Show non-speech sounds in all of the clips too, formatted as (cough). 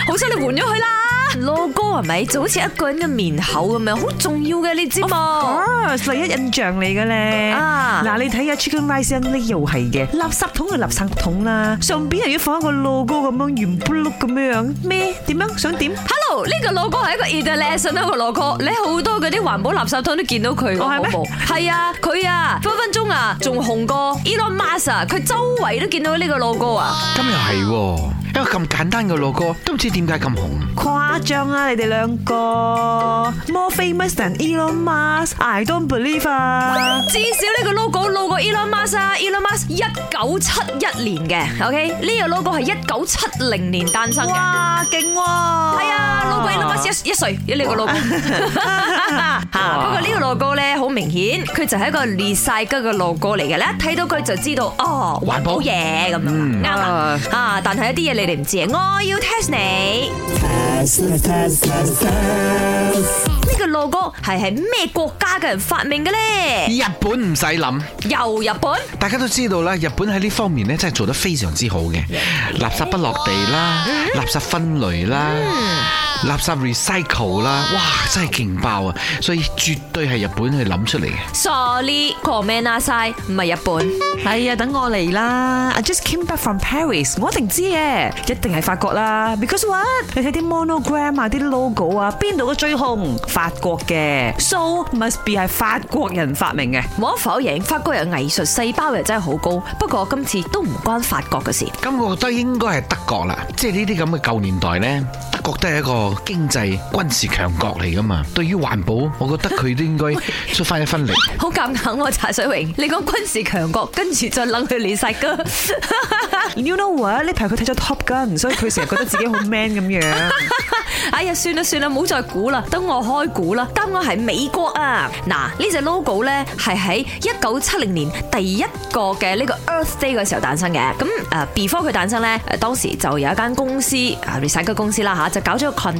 還好彩你換咗佢啦，logo 係咪就好似一個人嘅面口咁樣，好重要嘅你知冇？啊，第一印象嚟嘅咧。啊，嗱你睇下《Chicken Rice》呢又係嘅，垃圾桶係垃圾桶啦，上邊又要放一個 logo 咁樣圓碌碌咁樣咩？點樣想點？Hello，呢個 logo 係一個 illustration 一個 logo，你好多嗰啲環保垃圾桶都見到佢嘅，係咩？係 (noise) 啊，佢啊分分鐘啊仲紅過 Elon Musk 啊，佢周圍都見到呢個 logo 啊，今日係。一個咁簡單嘅 logo 都唔知點解咁紅，誇張啊！你哋兩個，More famous than Elon Musk，I don't believe 啊！至少呢個 logo 老過 Elon Musk 啊，Elon Musk、這個 e、Musk 一九七一年嘅，OK，呢個 logo 係、啊 e、一九七零年誕生嘅，哇，勁！係啊，老鬼 Elon Musk 一一歲，一呢個 logo，不過呢個 logo 咧好明顯，佢就係一個裂晒嘅 logo 嚟嘅，一睇到佢就知道哦，環保嘢咁，啱啦，但係一啲嘢你你唔知啊？我要 test 你。test test. 呢個 logo 係係咩國家嘅人發明嘅咧？日本唔使諗，又日本。大家都知道啦，日本喺呢方面咧真係做得非常之好嘅，垃圾不落地啦， (laughs) 垃圾分類啦。 (laughs) 嗯垃圾 recycle 啦，哇，真係勁爆啊！所以絕對係日本去諗出嚟嘅。Sorry，commander，side 唔係日本，係啊，等我嚟啦。I just came back from Paris，我一定知嘅，一定係法國啦。Because what？你睇啲 monogram 啊，啲 logo 啊，邊度個最空？法國嘅，so must be 係法國人發明嘅。無可否認，法國人藝術細胞又真係好高。不過今次都唔關法國嘅事。咁我覺得應該係德國啦。即係呢啲咁嘅舊年代咧，德國都係一個。經濟軍事強國嚟噶嘛？對於環保，我覺得佢都應該出翻一分力。好夾 (laughs) 硬喎、啊，查水榮！你講軍事強國，跟住再諗佢雷石哥。You know what？呢排佢睇咗 Top Gun 噶，所以佢成日覺得自己好 man 咁樣。哎呀，算啦算啦，唔好再估啦，等我開估啦。今我係美國啊！嗱，這個、呢隻 logo 咧係喺一九七零年第一個嘅呢個 Earth Day 嘅時候誕生嘅。咁誒，before 佢誕生咧，當時就有一間公司，雷石哥公司啦吓，就搞咗個群。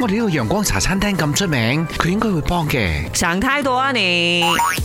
我哋呢個陽光茶餐廳咁出名，佢應該會幫嘅。想太多啊你！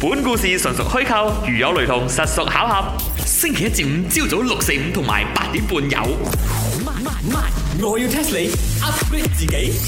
本故事純屬虛構，如有雷同，實屬巧合。星期一至五朝早六四五同埋八點半有。邁邁，我要 test 你 upgrade 自己。